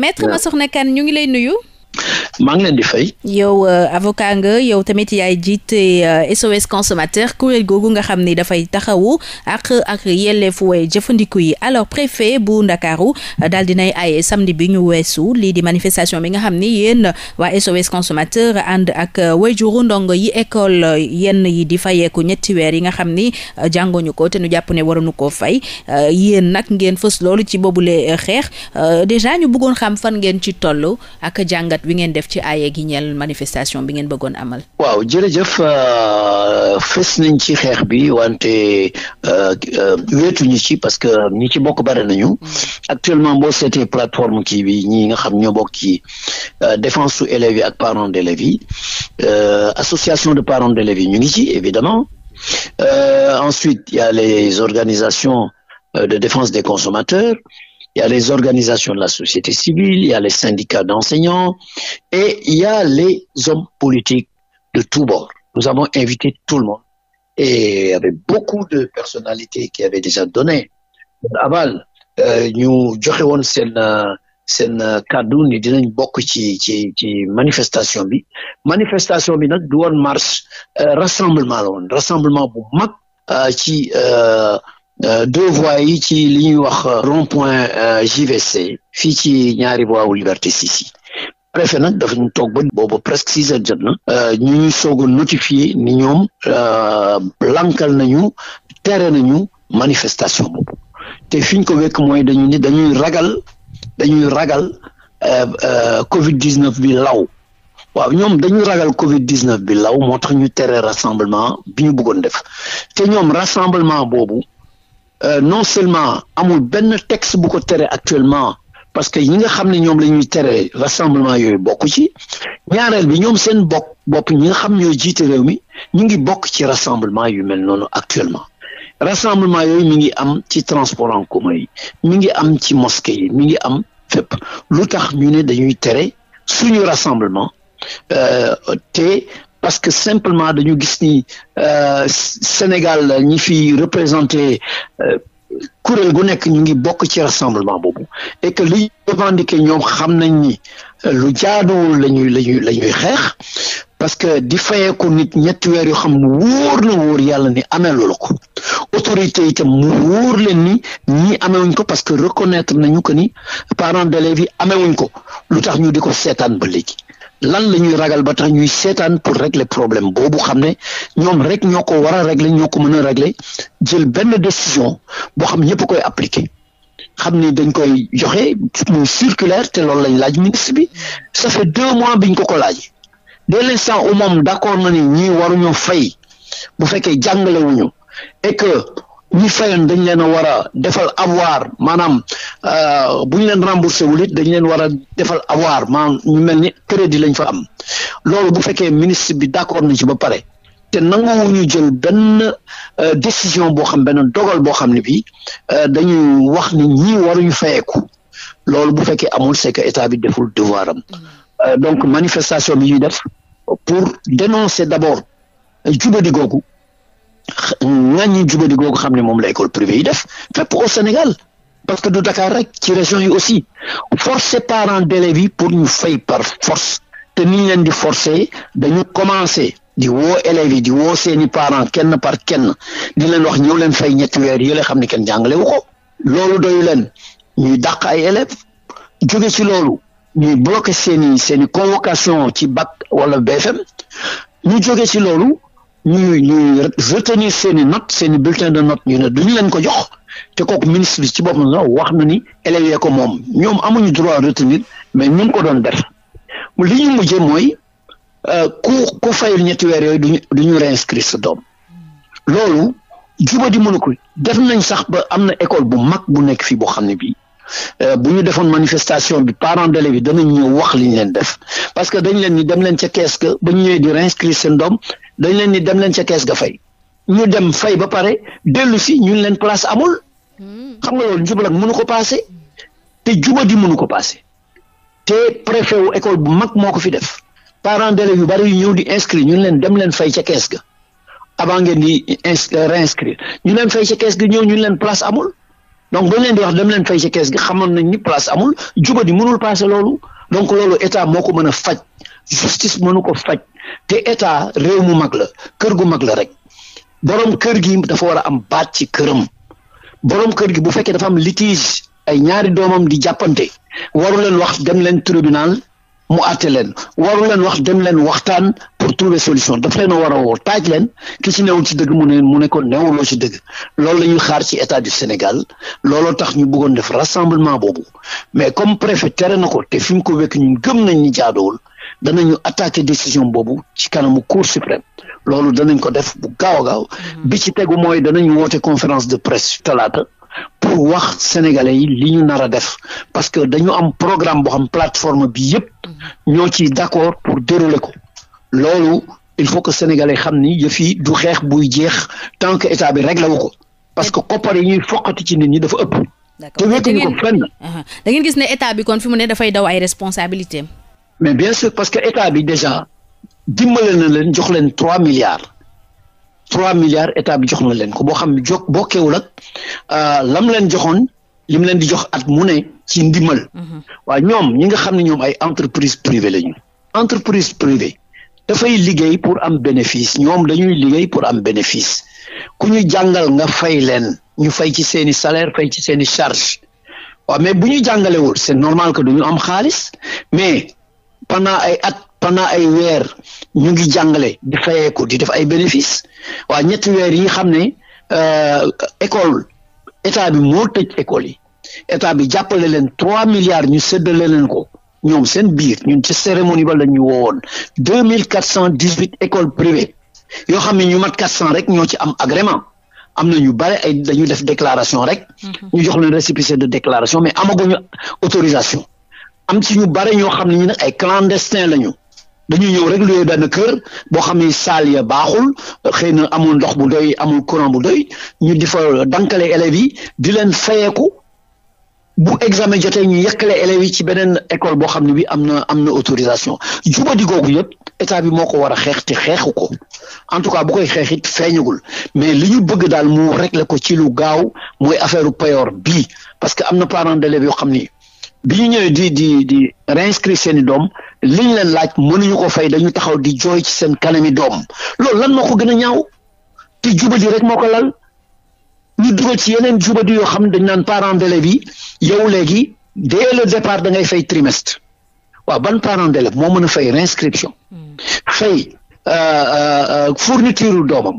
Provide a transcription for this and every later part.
Maître Massokhna Kane ñu ngi lay nuyu. maa ngi di fay. yow euh, avocat nga yow tamit yaay jiite SOS euh, consommateur kuréel googu nga xam ni dafay taxawu ak ak yelleefu way jëfandiku yi alors préfet bu Ndakaaru euh, daal dinay ay samedi bi ñu weesu lii di manifestation bi nga xam ni yéen waa SOS consommateur ànd ak wayjuru ndongo yi école yenn yi di fayeeku ñetti weer yi nga xam ni jàngoñu ko te nu jàpp ne waruñu koo fay yéen nag ngeen fës loolu ci boobule xeex déjà ñu buggoon xam fan ngeen ci toll ak jàngat bi ngeen def. ci aaye gi ñeel manifestation bi ngeen bëggoon amal. waaw jërëjëf euh, fës nañ ci xeex bi wante euh, euh, wéetuñu ci parce que ñi ci bokk bare nañu mm. actuellement boo seetee plateforme kii bi ñi nga xam ñoo bokk ci défense su élèves yi ak parents d'élèves yi association de parents d'élèves yi ñu ngi ci évidemment ensuite il y a les organisations de défense des consommateurs il les organisations la société civile, il y a les syndicats d'enseignants et il y a les hommes politiques de tous bords. Nous avons invité tout le monde. Et il beaucoup de personnalités qui avaient déjà donné aval. Euh, ñu joxe woon seen seen kàddu ni dinañ bokk ci ci ci manifestation bi manifestation bi nag du woon marche euh, rassemblement la woon rassemblement bu mag euh, ci Euh, deux vois yi ci li ñuy wax euh, rond point euh, JVC fii ci ñaari voies Liberté 6 yi préfet nag dafa ñu toog ba booba presque six heures jot na ñuy soog a notifié ni ñoom lankal nañu tere nañu manifestation boobu te fi ñu ko wekk mooy dañu ni dañuy ragal dañuy ragal Covid 19 bi law waaw ñoom dañuy ragal Covid 19 bi law moo tax ñu tere rassemblement bi ñu bëggoon def te ñoom rassemblement boobu. Euh, non seulement amul benn text bu ko tere actuellement parce que ñi nga xam ne ñoom la ñuy tere rassemblement yooyu bokk ci ñaareel bi ñoom seen bokk bopp ñi nga xam ñoo jiite réew mi ñu ngi bokk ci rassemblement yu mel noonu actuellement rassemblement yooyu mi ngi am ci transport en yi mi ngi am ci mosquée yi mi ngi am fépp lu tax ñu ne dañuy tere suñu rassemblement euh, te parce que simplement dañu gis ni euh, Sénégal ñi fi représenté euh, kuréel gu nekk ñu ngi bokk ci rassemblement boobu et que li revendiqué ñoom xam nañ ni euh, lu jaaduwul lañuy lañuy la ñuy xeex parce que di fayeeku nit ñetti weer yoo xam wóor na wóor yàlla ni ameelu la ko autorité itam mu wóor leen ni amee amewuñ ko parce que reconnaître nañu que ni parent parents d'élèves amee amewuñ ko lu tax ñu di ko seetaan ba léegi lan la ñuy ragal ba tax ñuy seetaan pour régler problème boobu xam ne ñoom rek ñoo ko war a régler ñoo ko mën a régler jël benn décision boo xam ñëpp koy appliquer xam ni dañ koy joxe mu circulaire te loolu lañ laaj ministre bi ça fait deux mois biñ ko ko laaj dès l'instant où moom d'accord na ni ñii waruñu fay bu fekkee jàngale wuñu et que ñi fayoon dañ leen a war a defal avoir maanaam euh, bu ñu leen remboursé wul it dañ leen war a defal avoir maanaam ñu mel ni crédit lañ fa am loolu bu fekkee ministre bi d'accord nañ ci ba pare te ñu jël benn euh, décision boo xam benn dogal boo xam ne bi euh, dañuy wax ni ñii waruñu fayeeku loolu bu fekkee amul c'est que état bi deful devoir am donc manifestation bi ñuy def pour dénoncer d'abord jubadi googu ŋàññi di googu xam ne moom la école privée yi def fépp au Sénégal parce que du Dakar rek ci région yi aussi forcer parents d'élèves pour ñu fay par force te ni leen di forcer dañu commencer di woo élèves yi di woo seeni parents kenn par kenn di leen wax ñëw leen fay ñetti weer yële xam ne kenn jàngale wu ko loolu doyu leen ñuy dàq ay élèves jóge ci loolu ñuy bloquer seeni seeni convocation ci bac wala BFM ñu jóge ci loolu. ñuy ñuy retenir seen i note seen i de note ñu ne duñu leen ko jox te kooku ministre bi ci boppam sax wax na ni élèves ko moom ñoom amuñu droit retenir mais ñu ngi ko doon def li ñu mujjee mooy euh, ku ku fayul ñetti weer yooyu duñu duñu réinscrire sa doom loolu juba di mënu ko def nañ sax ba am na école bu mag bu nekk fii boo xam ne bii Euh, bu ñu defoon manifestation bi parents d'élèves yi danañ ñëw wax li leen def parce que dañ leen ni dem ca kees ga ba ñu ñëwee di seen doom dañ leen ni dem leen ca kees ga fay ñu dem fay ba pare dellu si ñu leen place amul xam nga loolu njubal ak mënu ko paase te juba di mënu ko paase te préfet wu école bu mag moo ko fi def parents d'élèves yu bari ñëw di inscrire ñu leen dem leen fay ca kees ga avant ngeen di réinscrire ñu leen fay ca kees ga ñëw ñun leen place amul donc dañ leen di wax dem leen fay ci kees gi xamoon nañ ni place amul jubadi mënul passé loolu donc loolu état moo ko mën a faj justice mënu ko faj te état réew mu mag la kër gu mag la rek borom kër gi dafa war a am baat ci këram borom kër gi bu fekkee dafa am litige ay ñaari doomam di jàppante waru leen wax dem leen tribunal mu àtte leen waru leen wax dem leen waxtaan pour trouver solution daf leen a war a woo taaj leen ki ci newul ci dëgg mu ne mu ne ko newuloo ci dëgg loolu la ñuy xaar ci état du Sénégal looloo tax ñu bëggoon def rassemblement boobu mais comme préfet tere na ko te fi ko wekk ñun gëm nañ ni dana ñu attaquer décision boobu ci kanamu cour suprême loolu danañ ko def bu gaaw a gaaw mm-hmm. bi ci tegu mooy danañ woote conférence de presse talaata pour wax sénégalais yi li ñu nar a def parce que dañu am programme boo xam plateforme bi yëpp mm-hmm. ñoo ci d'accord pour dérouler ko loolu il faut que sénégalais xam ni yëf yi du xeex buy jeex tant que état bi réglé wu ko parce que koppar yi ñuy foqati ci nit ñi dafa ëpp. d'accord te wéetuñu da ngeen uh-huh. gis ne état bi kon fi mu ne dafay daw ay responsabilités mais bien sûr parce que état bi déjà dimbale na leen jox leen trois milliards. trois milliards état bi jox na leen ko boo xam ne jo bokkeewul ak euh, lam leen joxoon li leen di jox at mu ne ci ndimbal. Uh-huh. waaye ñoom ñi nga xam ne ñoom ay entreprise privée lañu entreprise privée dafay liggéey pour am bénéfice ñoom dañuy liggéey pour am bénéfice ku ñu jàngal nga fay leen ñu fay ci seeni salaire fay ci seeni charge waaw mais bu ñu jàngalewul c'est normal que ñu am xaalis mais pendant ay at pendant ay weer ñu ngi jàngale di fayeeku di def ay bénéfice waa ñetti weer yi xam ne euh, école état bi moo tëj école yi état bi jàppale leen trois milliards ñu séddale leen ko ñoom seen biir ñun ci cérémonie ba la ñu woowoon deux mille quatre cent dix huit écoles privées yoo xam ne ñu mat rek ñoo ci am agrément am na ñu bare ay dañu def déclaration rek. Mhm. ñu jox leen récépissé de déclaration mais amaguñu autorisation am ci ñu bare ñoo xam ne ñu nag ay clandestin la ñu. dañu ñëw rek lu benn kër boo xam ne saal ya baaxul xëy na amul ndox bu doy amul courant bu doy ñu di dankale élèves yi di leen fayeeku examen jotee ñu le élèves yi ci beneen école boo xam ne bi am na am na autorisation jubadi googu yëpp état bi moo ko war a xeex te xeexu ko en tout cas bu koy xeex it feeñagul mais li ñu bëgg daal mu régler ko ci lu gaaw mooy affaire payoor bii parce que am na parents d'élèves yoo xam ni bi ñu ñëwee di di di réinscrire seeni doom liñ leen laaj mënuñu ko fay dañu taxaw di jooy ci seen kanami doom loolu lan moo ko gën a ñaaw te jubadi rek moo ci yeneen jubadi yoo xam ne dañ naan parents d'élèves yi yow léegi dès le départ da ngay fay trimestre waaw ban parent d'élève moo mën a fay réinscription hmm. fay euh, euh, euh, fourniture doomam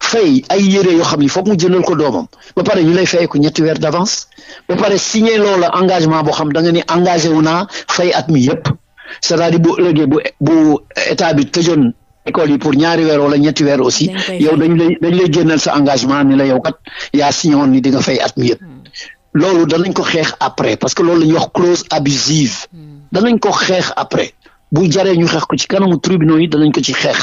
fay ay yére yoo xam ni foog mu jëndal ko doomam ba pare ñu lay fayeeku ñetti weer d'avance ba pare signé loola engagement boo xam da nga ni engagé wu naa fay at mi yëpp c'est-à-dire bu ëllëgee bu bu état bi tëjoon école yi pour ñaari weer wala ñetti weer aussi yow dañ lay dañu lay génnal sa engagement ni la yow kat yaa signé woon ni di nga fay at mi yépp loolu danañ ko xeex après parce que loolu la ñuy wax clause abusive danañ ko xeex après bu jaree ñu xeex ko ci kanamu tribunaux yi danañ ko ci xeex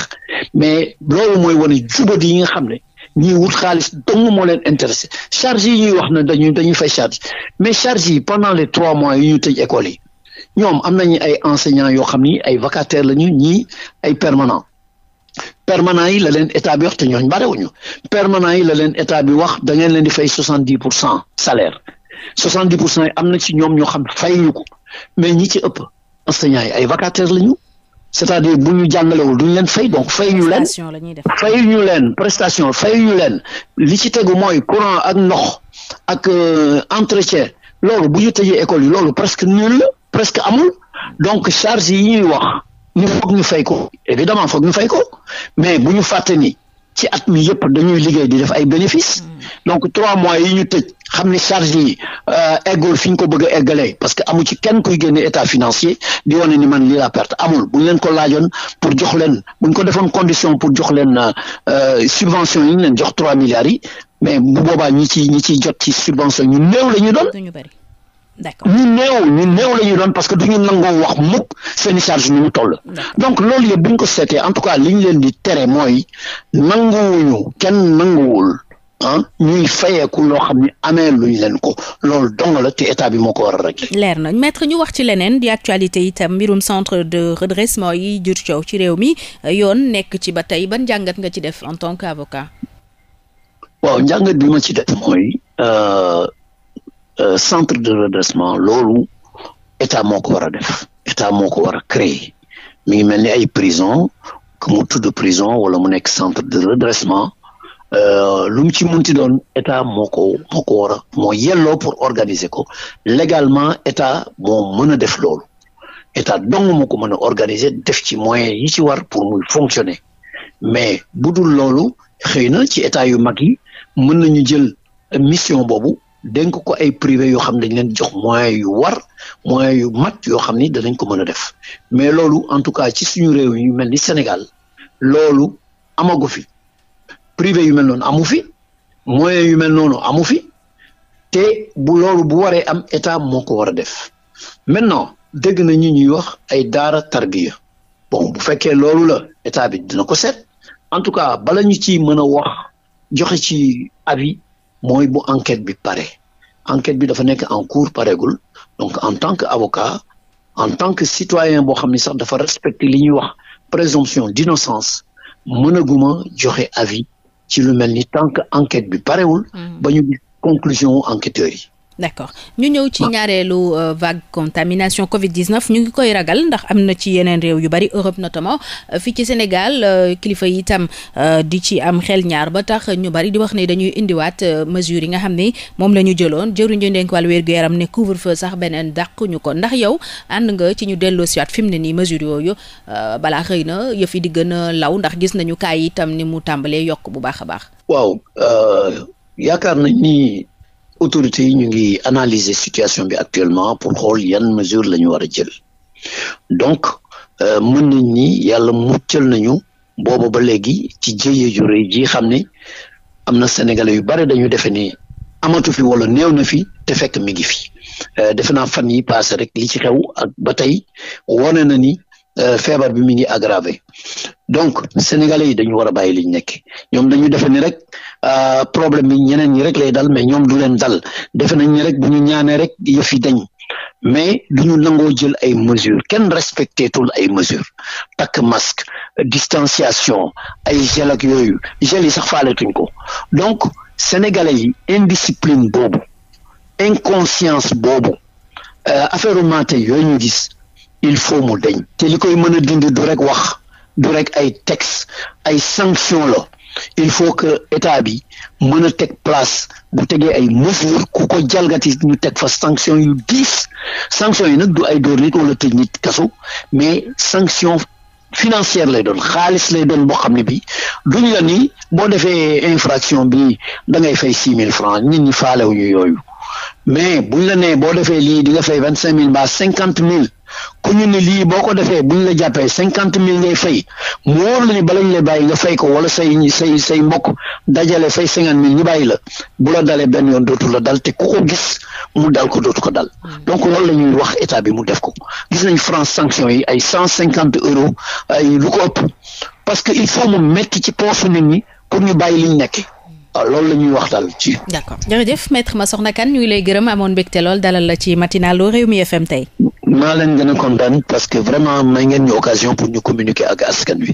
mais loolu mooy wane jubadi yi nga xam ne ñiy wut xaalis dong moo leen intéressé charge yi ñuy wax ne dañuy dañuy fay charge mais charge yi pendant les trois mois yi ñu tëj école yi ñoom am nañu ay enseignants yoo xam ni ay vacataires lañu ñii ay permanents permanents yi la leen état bi wax te ñooñu barewuñu permanents yi la leen état bi wax da ngeen leen di fay soixante dix pour cent salaire soixante-dix pour cent am na ci ñoom ñoo xam fay ñu ko mais ñi ci ëpp enseignants yi ay vacataires lañu c'est-à-dire bu ñu jàngalewul duñu leen fay donc ñu leen fay ñu leen prestation ñu leen li ci tegu mooy courant ak ndox ak euh, entretien loolu bu ñu tëjee école yi loolu presque nul la presque amul donc charge yi ñuy wax ñu foog ñu fay ko évidemment foog ñu fay ko mais bu ñu fàtte ni ci at mi yëpp dañuy liggéey di def ay bénéfices mm. donc trois mois yi ñu tëj xam ni charge yi euh, eggool fi ñu ko bëgg a eggalee parce que amu ci kenn kuy génne état financier di wane ni man lii la perte amul bu ñu leen ko laajoon pour jox leen bu ko defoon condition pour jox leen euh, subvention yi ñu leen jox trois milliards yi mais bu boobaa ñi ci ñi ciy jot ci subvention ñu néew la ñu doon d'accord ñu néew ñu néew la ñuy doon parce que duñu nangoo wax mukk seen charge ni mu toll donc loolu yëpp buñ ko seetee en tout cas li ñu leen di tere mooy nanguwuñu kenn nanguwul ah, ñuy fayeeku loo xam ne amee luñ leen ko loolu dong la te état bi moo ko war a rek leer na maître ñu wax ci leneen di actualité itam mbirum centre de redressement yi jur coow ci réew mi yoon nekk ci ba tey ban jàngat nga ci def en tant qu'avocat waaw njàngat bi ma ci def mooy euh, Euh, centre de redressement loolu état moo ko war a def état moo ko war a créer mi ngi mel ni ay prison que mu de prison wala mu nekk centre de redressement euh, lu mu ci munti doon état moo ko moo ko war a moo yelloo pour organiser ko légalement état moo mën a def loolu état dong moo ko mën a organiser def ci moyen yi ci war pour muy fonctionner mais budul dul loolu xëy na ci état yu mag yi mën nañu jël mission boobu dénk ko ay privé yoo xam ne dañ leen jox moyens yu war moyens yu mat yoo xam ni danañ ko mën a def mais loolu en tout cas ci suñu réew yu mel ni Sénégal loolu amagu fi privé yu mel noonu amu fi moyen yu mel noonu amu fi te bu loolu bu waree am état moo ko war a def maintenant dégg na ñuy wax ay daara tarbiya bon bu fekkee loolu la état bi dina ko set en tout cas bala ñu ci mën a wax joxe ci avis mooy bu enquête bi pare enquête bi dafa nekk en cours paregul donc en tant que avocat en tant que citoyen boo xam ne sax dafa respecter li ñuy wax présomption d'innocence mënaguma joxe avi ci lu mel ni tant que enquête bi parewul mm-hmm. ba ñu conclusion enquêteurs yi d'accord ñu ñëw ci ñaareelu euh, vague contamination Covid 19 ñu ngi koy ragal ndax am na ci yeneen réew yu bari Europe notamment euh, fii ci Sénégal euh, kilifa yi itam di ci am xel ñaar ba tax ñu bari di wax ne dañuy indiwaat mesures yi nga xam ne moom la ñu jëloon jëruñu ndenk wàllu wér gu yaram ne couvre-feu sax beneen dàq ñu ko ndax yow ànd nga ci ñu delloo siwaat fi mu ne nii mesures yooyu balaa xëy na yëf yi di gën a law ndax gis nañu kaay itam ni mu tàmbalee yokk bu baax a baax. waaw autorités yi ñu ngi analyser situation bi actuellement pour xool yan mesure la ñu war a jël donc euh, mën nañ ni yàlla muccal nañu booba ba léegi ci jëye ju rëy ji xam ne am na sénégale yu bare dañu defe ne amatu fi wala néew na fi te fekk mi ngi fi euh, defe naa fan yi passé rek li ci xew ak ba tey wone na ni Euh, feebar bi mi ngi aggravé donc sénégalais yi dañu war a bàyyi li ñu nekk ñoom dañu defe ni rek euh, problème bi ñeneen ñi rek lay dal mais ñoom du leen dal defe nañ ni rek bu ñu ñaanee rek yëf yi dañ mais du ñu nangoo jël ay mesures kenn respecté tul ay mesures takk masque distanciation ay gel ak yooyu gel yi sax faaletuñ ko donc sénégalais yi indiscipline boobu inconscience boobu euh, affaire u maate yooyu ñu il faut mu deñ te li koy mën a dindi du rek wax du rek ay texte ay sanction la il faut que état bi mën a teg place bu tegee ay mesures ku ko jalgati ñu teg fa sanction yu diis sanction yi nag du ay dóor nit wala tëj nit kaso mais sanction financière lay doon xaalis lay doon boo xam ne bi duñ la nii boo defee infraction bi da ngay fay six mille francs nit ñi faalewu ñu yooyu mais buñ la nee boo defee lii di nga fay vingt cinq mille ba cinquante mille ku ñu ne lii boo ko defee bu ñu la jàppee cinquante mille ngay fay mu wóor la ni balañ la bàyyi nga fay ko wala say say say mbokk dajale fay cinquante mille ñu bàyyi la bu la dalee benn yoon dootu la dal te ku ko gis mu dal ko dootu ko dal hmm. donc loolu la ñuy wax état bi mu def ko gis nañ France sanction yi ay cent cinquante euro ay lu ko ëpp parce que il faut mu metti ci poosu nit ñi pour ñu bàyyi liñ nekk Ah, loolu la ñuy waxtaan ci. d' accord jërëjëf maître Massokhna Kane ñu ngi lay gërëm amoon mbégte lool dalal la ci matinalu Rewmi FM tey. maa leen gën a kontaan parce que vraiment ngeen ñu occasion pour ñu communiquer ak askan wi.